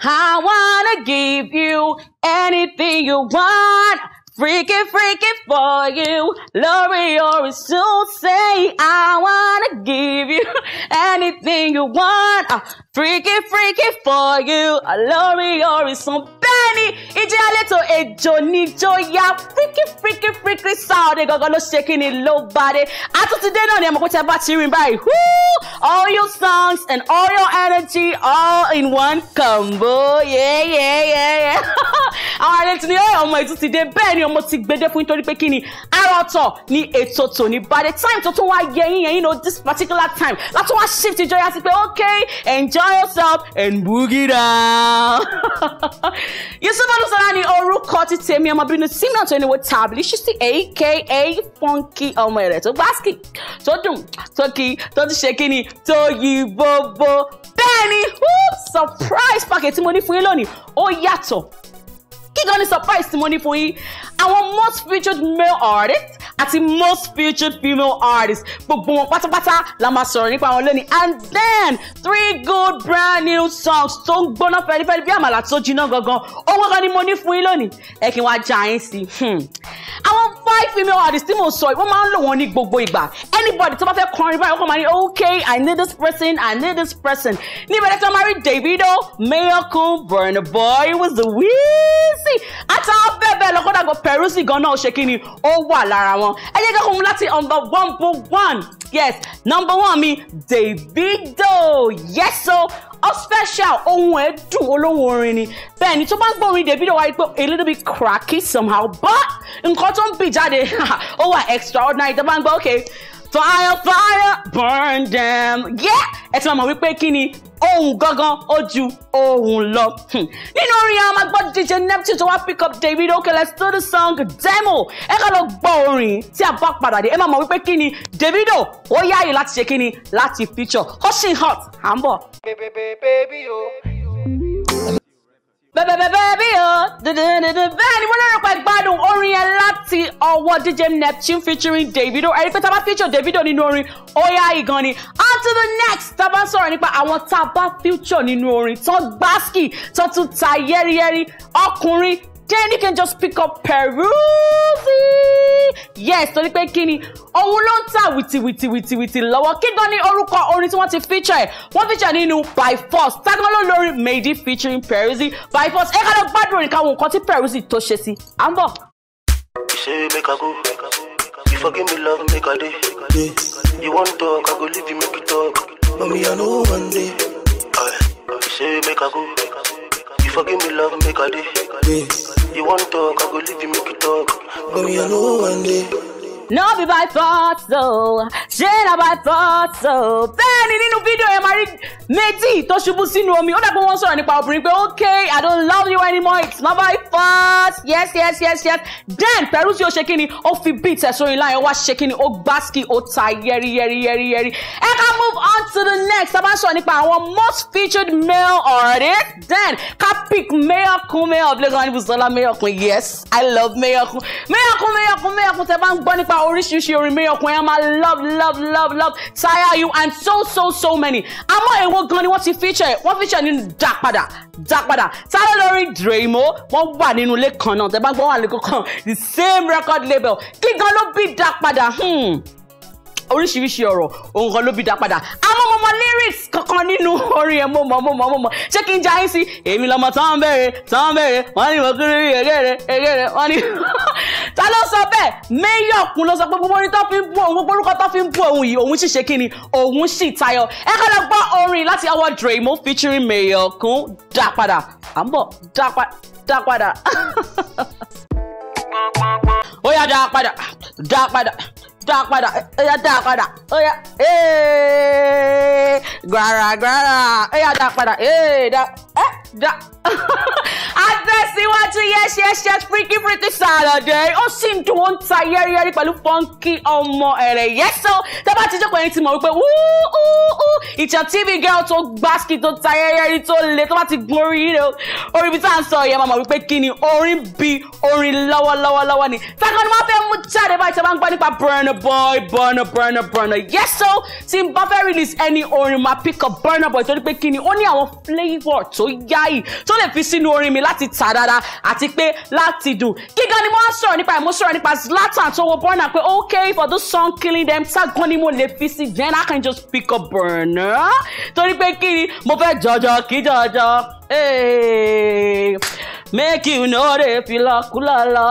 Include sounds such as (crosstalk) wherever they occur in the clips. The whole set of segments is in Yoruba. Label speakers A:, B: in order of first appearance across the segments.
A: I wanna give you anything you want. freakin' freakin' for you. Lori or so say, I wanna give you (laughs) anything you want. Uh, freakin' for you. Uh, Lori So. soon, bẹ́ẹ̀ni ìjẹ́ àlètò èjò níjọ́yà fíkì fíkì fíkì sáọ̀dẹ̀ gangan ló ṣe kíni ló bá dé àtúntìdé náà ni ẹ mọ̀ pé tẹ́ bá ti rìn báyìí all your songs and all your energy all in one combo yeah yeah yeah yeah (laughs) àwọn àlejò ni ọmọ ìtúntìdé bẹ́ẹ̀ ni ọmọ ti gbédé fún nítorí pé kíni ara ọ̀tọ̀ ni ètò tòní bá dé time tó tún wá yẹ yín yẹn you know this particular time látún wá shift ìjọ́yà sí pé okay enjoy yourself and boogie down. (laughs) Yusuf Alusana ni orúkọ ti tèmi ọmọbìnrin Simon tó ẹniwó tàbí ṣíṣí aka funky ọmọ rẹ̀ tó gbásìkì tó dùn tó kí tó ti ṣe kíni tó yí bóbó bẹ́ẹ̀ ni surprise package tí mo ní fún yín lónìí ó yàtọ̀ kí gan ni surprise tí mo ní fún yín àwọn most featured male artists àti most featured female artists gbogbo wọn pátápátá la máa sọ̀rọ̀ nípa wọn lónìí and then three good brand new songs tó ń gbóná fẹ́lifẹ́li bí àmàlà tó jiná gangan owó kan ni mo ní fún yín lónìí ẹ kí n wá já yín sí i hmm. àwọn five female artists tí mo sọ wọ́n máa ń lò wọ́n ní gbogbo ìgbà anybody tó bá fẹ́ kọrin báyìí wọ́n máa ní okay i need this person i need this person níbẹ̀rẹ̀ tí wọ́n máa rí davido mayorkun burna boy with the wiz sí àtàwọn bẹ́ẹ̀ bẹ́ẹ̀ lọ kódà go peruzzi gan náà ṣe kíni ó wà lára wọn ẹ jẹ́ kẹ́kọ̀ọ́ mu láti number one bo one yes number one mi Davido yes o ó special ohun ẹ̀ dùn olóhùn orin ni bẹ́ẹ̀ ni tó bá ń gbọ́ orin Davido wáyé pé a little bit cracky somehow but nǹkan tó ń bì jáde (laughs) ó wà extraordinary tó bá ń gbọ́ okay fire fire burn them yeah ẹ ti máa mọ̀ wípé kí ni ohun gangan ó ju ohun lọ. Hmm. nínú orin àwọn agbọ́dọ̀ jíjẹ neptune tó wá pick up david Okay, let's do the song demo ẹ ká lọ gbọ́ orin tí a bá padà dé ẹ máa mọ̀ wípé kí ni davido ó yáàyè láti ṣe kí ni láti feature kó ṣì hot à ń bọ̀. bèbè bèbè bí o. Oh bẹ́ẹ̀bẹ́ẹ̀bẹ́ bí o bẹ́ẹ̀ ni mo lérò pé gbádùn orin yẹn láti ọwọ́ DJ Neptune featuring Davido ẹ̀rí pé tá future Davido nínú orin ó yá ìgan ni until the next tá a bá sọ̀rọ̀ nípa àwọn tá a bá feature nínú orin tán gbáskì tán tún ta yẹ́rìyẹ́rì ọkùnrin then you can just pick up peruzzi yes torí pé kí ni òun ló ń tà wìtìwìtìwìtìwìtì lọ́wọ́ kí gan ni orúkọ orin tí wọ́n ti feature wọ́n feature nínú by force tágbọ́n ló lórí Maidy featuring peruzzi by force ẹ̀ka ló gbádùn òrìkà wọn nǹkan tí peruzzi tó ṣe sí à ń bọ̀. ṣé make I go you me love make I dey you wan talk I go leave you make you talk mami I no wan dey. ṣé make I go you me love make I dey. you want to talk, I go leave you make you talk. But me, I know one day. No be by force though. ṣé làbá tọ́ so bẹ́ẹ̀ ni nínú fídíò yẹn máa rí méjì tó ṣubú sínú omi ó dàgbọ́n wọ́n sọ̀rọ̀ nípa obìnrin pé okay I don't love you anymore it's not my fault yes yes yes yes then pẹ̀lú tí ó ṣe kíni ó fi beat ẹ̀ sórí láyọ̀ wá ṣe kíni ó gbásíkì ó ta yẹ́rí yẹ́rí yẹ́rí yẹ́rí ẹ ká move on to the next tá a bá sọ̀rọ̀ nípa àwọn most featured male artist then ká pick mayor kun mayor of Lagos Anibusola mayor kun yes I love mayor kun mayor kun mayor kun mayor kun tẹ bá ń gbọ́ nípa oríṣiríṣi orin mayor kun ẹ máa love love love love love tire you and so so so many àmọ́ èwo gan ni wọ́n ti feature wọ́n feature nínú dá padà dá padà sáré lórí dremo wọ́n wà nínú ilé kan náà tẹ́ bá gbọ́ wà lẹ́kọ̀ọ́ kan the same record label kí gan ló bí dá padà hmm. oríṣiríṣi ọ̀rọ̀ òun kan ló bí dá padà mọ lyrics kankan nínú orin ẹ̀ mo mọ̀ mo mọ̀ mo mọ̀ ṣé kí n já yín sí èmi lọmọ tán ń bèrè tán ń bèrè ní mo kiri rí egére egére wọ́n ní. (laughs) ta ló sọ bẹ́ẹ̀ Mayor Ọ̀kún ló sọ pé gbogbo orin tó fi ń bú òun gbogbo orúkọ tó fi ń bú òun yìí òun sì ṣe kí ni òun sì tayọ ẹ kọ́ lọ gbọ́ orin láti ọwọ́ Draymo featuring Mayor kun dá padà à ń bọ̀ dá padà (laughs) ó yá dá padà dá padà dá padà ó yá dá padà ó yá gbàràgbàrà ó yá dá padà dá. Àfẹsíwájú (laughs) yes yes yes freaky freaky Saturday ó sì ń dùn ó ń ta yẹ́rìyẹ́rì pẹ̀lú fọ́nkì ọmọ ẹ̀rẹ̀ yẹ́sọ́ tẹ́bá ti jókòó ẹni ti mọ̀ wípé ìtàn TV girl tó gbáṣkì tó ta yẹ́rìyẹ́rì tó le tó bá ti gun orí rẹ orí bí tá à ń sọ ìyẹn máa mọ̀ wípé kí ni orin bí orin lọ́wọ́lọ́wọ́ ni tákan ni wọ́n fẹ́ mú jáde báyìí tí a bá ń gbọ́ Boy Burna Burna Burna yẹ́sọ́ tí n bá fẹ́ release ẹni orin máa pick up Burna Boy torí pé kí ni ó ní àwọn yáyì tó lè fi sínú orin mi láti tà dáadáa àti pé láti dùn gígan ni mo wá sọ̀rọ̀ nípa ìmú sọ̀rọ̀ nípa Zlatan tó wo Burna pé okay for this song killing them ṣàgán ni mo lè fi sí then I can just pick up Burna torí pé kí ni mo fẹ́ jọjọ kí jọjọ. Hey. Eh make (laughs) you no dey feel akulala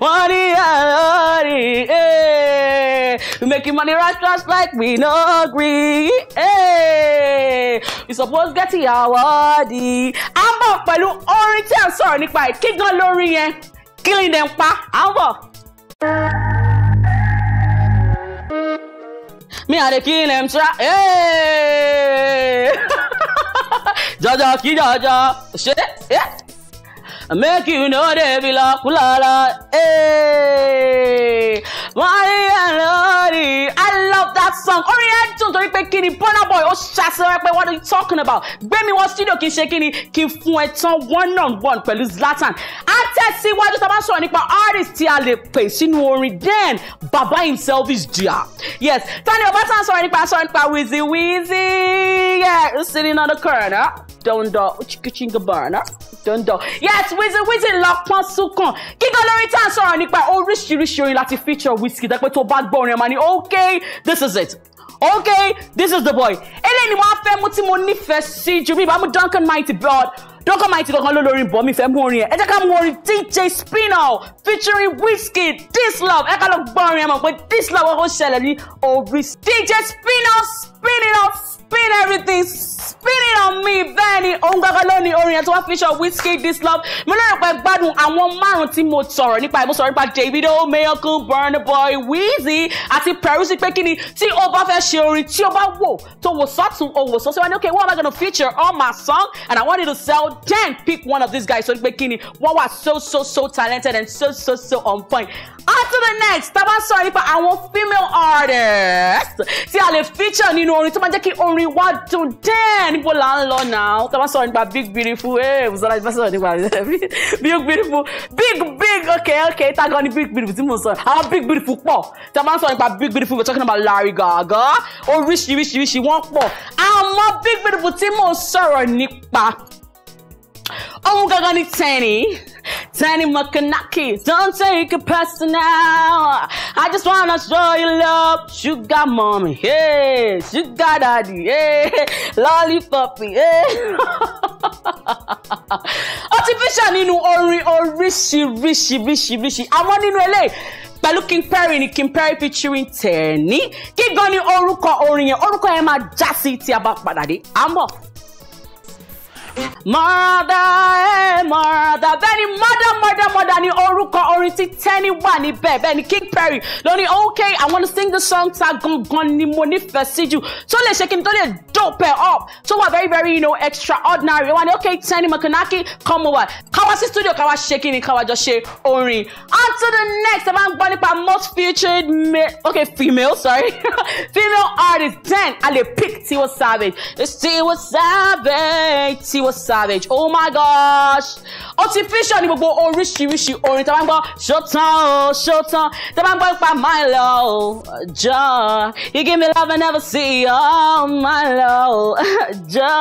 A: money and hey. we making money right rash like we no gree hey. Eh. we suppose get our di. a ń bọ̀ pẹ̀lú orin tí a sọ̀rọ̀ nípa ẹ̀ kí gan lórí yẹn kí ni dẹ̀ ń pa à ń bọ̀. mi à dey kill dem tra. Hey! Eh. (laughs) jọjọ kí jọjọ ṣe make you know they be lakulala. Hey, my lordy, I love that song. Orin ẹ̀dùn torí pé Burna Boy ó ṣàṣeyọrí pé what are you talking about? Gbémi wọ studio kì í ṣe kí ni kí n fún ẹ tán one on one pẹ̀lú Zlatan. A tẹ̀síwájú tá a bá sọ̀rọ̀ nípa artist tí a lè pè sínú orin then Baba himself is there. Yes, Tani Obata sọ̀rọ̀ nípa sọ̀rọ̀ nípa Wizzy Wizzy. Yeah, sitting on the corner. Don't do chinga burner dandan yes Wizkid Wizkid lọ pọ́n sunkàn kíkọ́ lórí tá à ń sọ̀rọ̀ nípa oríṣiríṣi orin láti feature Wizkid dẹ́pẹ́ tó bá gbọ́ orin ẹ̀ máa ní okay this is it okay this is the boy eléyìí ni wọ́n á fẹ́ mú tí mo nífẹ̀ẹ́ sí ju bí ìbámu Duncan Mighty Bird Duncan Mighty kankan ló lórí bọ̀ mi fẹ́ mú orin ẹ̀ ẹ jẹ́ ká mú orin DJ Spinall featuring Wizkid this love ẹ ká lọ gbọ́ orin ẹ̀ mọ̀ pé this love ó ṣẹlẹ̀ ní Orísun DJ Spinall spinning off spin everything spin it on me bẹ́ẹ̀ ni ohun gbọ́gbọ́ lónìí orin yẹn tó wá feature Wizkid this love mo lérò pé gbádùn àwọn márùn tí mo sọ̀rọ̀ nípa ẹ̀ mo sọ̀rọ̀ nípa Davido Miracle Burna Boy Wheezy àti Peruzzi pé kí ni tí o bá fẹ́ ṣe orin tí o bá wò tó wò sọ́tún o wò sọ́sẹ́ wá ní okay what am I gonna feature on my song and I wanted to sell then pick one of these guys so pé kí ni wọ́n wà so so so talented and so so so on point After the next tá a bá sọ̀rọ̀ nípa àwọn female artists tí a lè feature nínú orin tó máa jẹ́ kí orin orin one to ten níbo là ń lọ náà tó bá sọ̀rọ̀ nípa big beautiful ee Bùsọ́lá ti bá sọ̀rọ̀ nípa (laughs) big beautiful big big okay okay tá a ni big beautiful tí mo sọ àwọn big beautiful pọ̀ tí a bá sọ̀rọ̀ nípa big beautiful we're talking about Larry Gaga oríṣiríṣiríṣi wọ́n pọ̀ àmọ́ big beautiful tí mo sọ̀rọ̀ nípa ohun gangan ni tẹ́ni. Anyone can don't take it personal. I just wanna show you love, sugar mommy, hey, sugar daddy, hey, lollipoppy, hey. ó ti fíṣà nínú orin oríṣiríṣiríṣiríṣi àwọn nínú eléyìí pẹ̀lú King Perry ni King Perry featuring Tenny kí gan ni orúkọ orin yẹn orúkọ yẹn máa já sí tí a bá padà dé à ń bọ̀. mọ̀rọ̀dà ẹ̀ mọ̀rọ̀dà bẹ́ẹ̀ ni mọ́ murder murder ni orúkọ orin tí tẹ́ni wà níbẹ̀ bẹ́ẹ̀ ni King Perry ló ní okay I wanna sing the song ta gangan ni mo nífẹ̀ẹ́ sí jù tó lè ṣe kí ni tó lè dope ẹ̀ up tó wà very very you know, extraordinary wọ́n ní okay Tẹ́ni Makanaki come over káwá sí studio káwá ṣe kí ni káwá jọ ṣe orin on to the next ẹ máa ń gbọ́ nípa most featured male okay female sorry (laughs) female artist then a lè pick Tiwa Savage it's Tiwa Savage Tiwa Savage oh my gosh ó ti feature ní gbogbo oríṣiríṣi orin tá a bá ń gbọ́ ṣótán o ṣótán tá a bá ń gbọ́ nípa my love jọ you give me love I never see you oh, my love jọ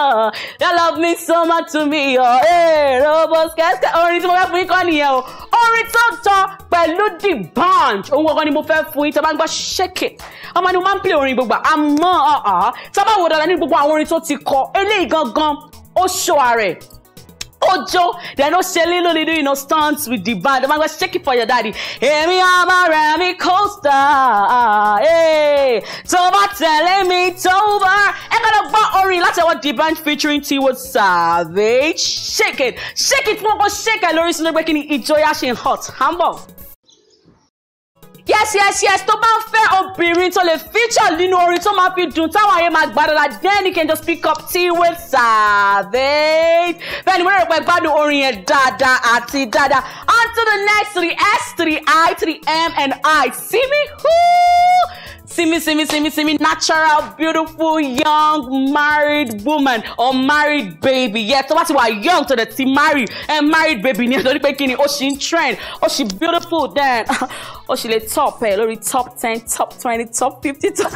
A: you love me so much to me o eh, robo skẹskẹ orin tí mo fẹ́ fún yín kọ́ nìyẹn o orin tó tọ́ pẹ̀lú the band òun kankan ni mo fẹ́ fún yín tá a bá ń gbọ́ ṣẹ́kẹ̀ ọmọ ni mo máa ń pè orin gbogbo àmọ́ ah, ah. tá a bá wò dáadáa ní gbogbo àwọn orin tó ti kọ eléyìí gangan ó ṣọ́ ara ẹ̀ ojo then ó ṣe lílo lílo you know stunts with the band ọmọ àgbà shake it for your daddy èmi àmà rẹ̀ mi coaster tó bá tẹ̀lé mi tó bá ẹ kàn lọ gbọ́ orin láti ọwọ́ the band featuring Tiwo Savage shake it shake it fún ọkọ shake it lórí sínú pé kí ni ìjọyà hot hambo yes yes yes tó bá ń fẹ́ orin tó lè feature nínú orin tó máa fi dùn táwọn ayé máa gbà dáadáa then you can just pick up tea with Savage bẹ́ẹ̀ ni mo rẹ̀ pé gbádùn orin yẹn dáadáa àti dáadáa until the next three s three i three m and i see me who. Simi, Simi, Simi, Simi, natural, beautiful, young, married woman or married baby. Yeah, tó bá ti wà young to the ti married and married baby ni ẹ̀ lórí pé kí ni ó ṣì ń trend, ó ṣì beautiful then. (laughs) ó sì lè top ẹ̀ lórí top ten top twenty top fifty top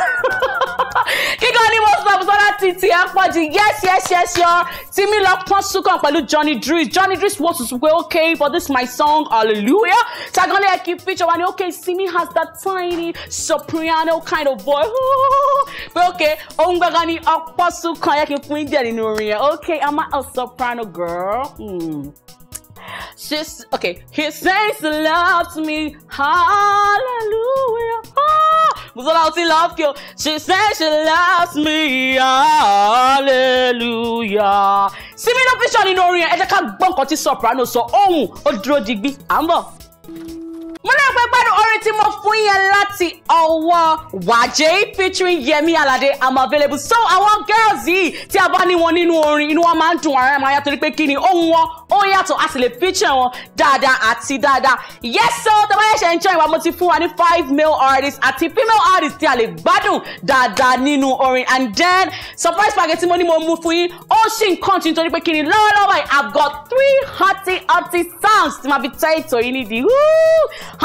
A: kíkọ́ ní most pop sọ́dá ti ti àpọ̀jù yes yes yes yọ tìmí lọ pọ́n súnkàn pẹ̀lú Johnny Drewis Johnny Drewis wọ́n tuntun pé okay for this my song hallelujah ṣàgọ́lẹ̀ ẹ̀kí picture wa ni okay Simi has that tiny soprano kind of boy (laughs) pé okay òun gangan ni ọ̀pọ̀ súnkàn yẹ kí n fún yín díẹ̀ nínú orin yẹn okay am I a soprano girl. Mm. She's okay. He says he loves me. Hallelujah. Ah, Musola ti love you. She says she loves me. Hallelujah. Simi no picture nínú orin yẹn. Ẹ jẹ́ ká gbọ́ nǹkan soprano so oh ó dúró digbí. À ń bọ̀ mo náà pé gbádùn orin tí mo featuring Yemi Alade i'm available so our girls yìí tí a bá ní wọn nínú orin inú wọn máa ń ara ẹ̀ máa yá torí pé ohun wọn ó yàtọ̀ a sì lè feature wọn dáadáa àti dáadáa yes so tẹ́ bá yẹ ṣe ń jẹ́ ìwà mo ti fún wa ní five male artists àti female artists tí a lè gbádùn dáadáa nínú orin and then surprise package tí mo ní mo mú fún yín ó ṣì ń kàn tí nítorí pé kí ni lọ́wọ́lọ́wọ́ báyìí I've got three hotty hotty sounds tí màá fi tẹ́ ètò yìí nídìí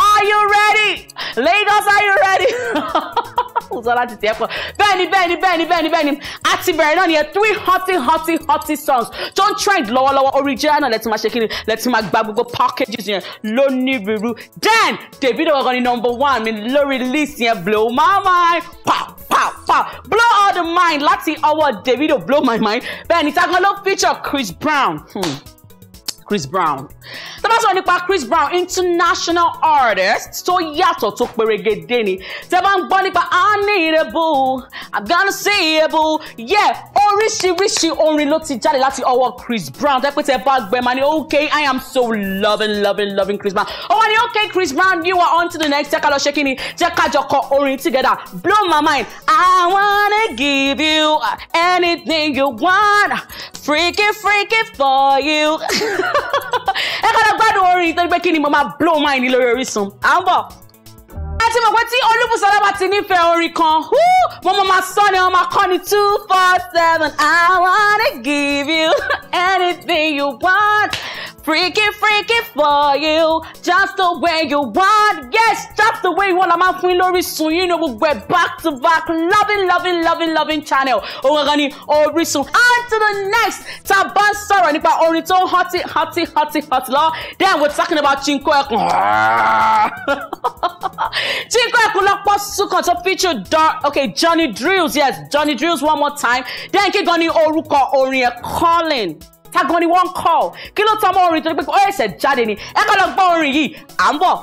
A: are you ready Lagos are you ready? (laughs) sọ láti tiẹ̀ pọ̀ bẹ́ẹ̀ni bẹ́ẹ̀ni bẹ́ẹ̀ni bẹ́ẹ̀ni bẹ́ẹ̀ni àti bẹ̀rẹ̀ náà nìyẹn three hotty hotty hotty songs tó ń trend lọ́wọ́lọ́wọ́ orí jẹ́ náà náà lẹ́tí máa ṣe kíni lẹ́tí máa gba gbogbo packages yẹn lónírúurú then Davido gangan ni number one mi lórí list yẹn blow my mind pow pow pow blow all the mind láti ọwọ́ Davido blow my mind bẹ́ẹ̀ ni tágan ló feature Chris Brown. Hmm. Chris Brown tá bá sọ̀rọ̀ nípa Chris Brown international artist tó yàtọ̀ tó perégedé ni tẹ́ bá ń gbọ́ nípa unneedable I'm gonna see able yeah oríṣiríṣi orin ló ti jáde láti ọwọ́ Chris Brown tẹ́ pé tẹ́ bá gbẹ ma ni okay I am so loving loving loving Chris Brown ó wà ní okay Chris Brown you are on to the next jẹ́ ká lọ ṣe kí ni jẹ́ ká jọ kọ orin together blow my mind I wanna give you anything you want freaky freaky for you. (laughs) ẹ kọ́lá gbádùn orin torí pé kí ni mo máa blow mind lórí Orísun à ń bọ̀ ti mọ̀ pé tí Olúbùsọ́lá bá ti nífẹ̀ẹ́ orin kan wọ́n mọ̀ máa sọ ni wọ́n máa kọ́ ni two four seven I wanna give you (laughs) anything you want freaky freaky for you just the way you want yes just the way you want la máa fún yín lórísun yín ní gbogbo back to back loving loving loving loving channel Oh, òun gangan ni Orísun on to the next tá a bá ń sọ̀rọ̀ nípa orin tó ń hoti hoti hoti then we're talking about Chinko Ekun (laughs) Chinko Ekun lọ́pọ̀ sukan feature don okay Johnny Drills yes Johnny Drills one more time then kí gan ni oruka orin calling tagan ni wọ́n ń kọ́ kí ló tán mọ́ orin tó ní pé ó ẹ̀ṣẹ̀ jáde ni ẹ kọ́ lọ gbọ́ orin yìí à ń bọ̀.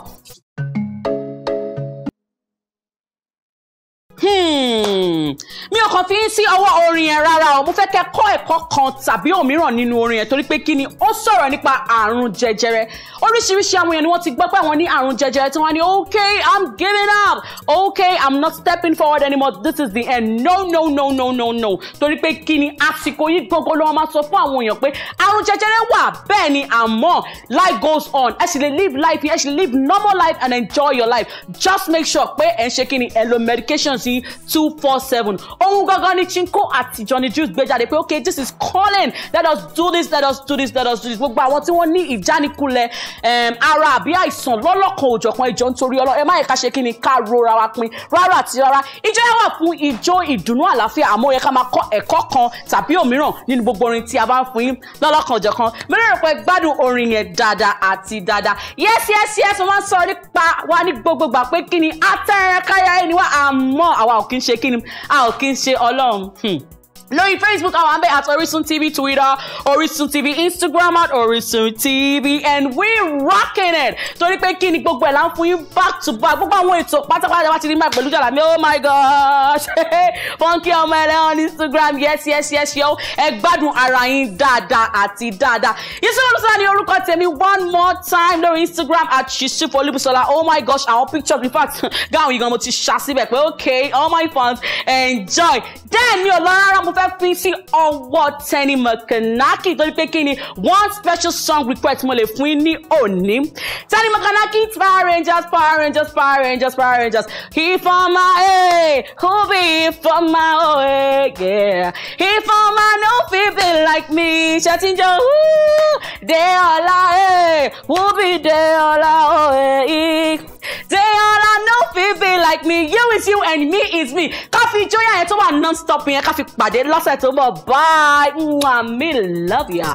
A: mi ò kàn fi sí ọwọ́ orin yẹn rárá o mo fẹ́ kẹ́ kọ́ ẹ̀kọ́ kan tàbí òmíràn nínú orin yẹn torí pé kí ni ó sọ̀rọ̀ nípa àrùn jẹjẹrẹ oríṣiríṣi àwọn èèyàn ni wọ́n ti gbọ́ pé àwọn ní àrùn jẹjẹrẹ tí wọ́n ní okay i'm giving up okay i'm not stepping forward anymore this is the end no no no no no no torí pé kí ni àsìkò yìí gbogbo ló máa sọ fún àwọn èèyàn pé àrùn jẹjẹrẹ wà bẹ́ẹ̀ ni àmọ́ life goes on ẹ sì lè live life yẹn ẹ sì lè live normal life and enjoy your life just make sure pé ẹ ń ṣe kí ni ẹ lo medications yìí two four seven seven ohun gangan ni Chinko àti Johnny Juice gbé jáde pé okay this is calling let us do this let us do this let us do this gbogbo àwọn tí wọ́n ní ìjánikulẹ̀ ara àbí àìsàn lọ́lọ́kan òjọ̀kan ìjọ nítorí ọlọ́ ẹ má yẹ ká ṣe kí ni ká rora wa pin rárá àti rárá ìjọ yẹn wà fún ìjó ìdùnnú àlàáfíà àmọ́ yẹ ká máa kọ́ ẹ̀kọ́ kan tàbí òmíràn nínú gbogbo orin tí a bá ń fún yín lọ́lọ́kan òjọ̀kan mẹ́rin rẹ̀ pé gbádùn orin yẹn dáadáa àti dáadáa yes yes yes wọ́n sọ nípa wa ní gbogbo gbà pé kí ni atẹ́rẹ́ káyáyé ni wá àmọ́ àwa ò kí ń ṣe kí ni a ò kí ń ṣe ọlọ́run hmm lórí facebook àwọn àbẹ at orisun tv twitter orisun tv instagram at orisun tv and we rocking it torí pé kí ni gbogbo ẹ̀ là ń yín back to back gbogbo àwọn ètò pátápátá wá ti ní máa pẹ̀lú jàlá mi oh my gosh (laughs) funky ọmọ ẹlẹ́wọ̀n on instagram yes yes yes yo ẹ gbádùn ara yín dáadáa àti dáadáa yusuf olùsọlá ni orúkọ tèmi one more time lórí instagram at yusuf olùbùsọlá oh my gosh àwọn pictures in fact (laughs) gáwọn yìí gan mo ti ṣá síbẹ̀ pé okay all my fans enjoy then mi ò lọ rárá mo fẹ́ pín sí ọwọ́ Tẹni Mọ̀kánákì torí pé kí ni one special song request mo lè fún yín ní òní Tẹni Mọ̀kánákì Power Rangers Power Rangers Power Rangers Power Rangers ìfọ̀mà ẹ̀ kò bí ìfọ̀mà ẹ̀ yẹ̀ ìfọ̀mà no fit be like me ṣètìjọ́ Deola ẹ̀ eh. wúbi Deola ẹ̀ oh, ẹ̀. Eh ọ̀la no fit like me you is you and me is me ká fi jóyà yẹn tó wà non-stop yẹn ká fi pàdé lọ́sẹ̀ tó bọ̀ bye mwah me love ya.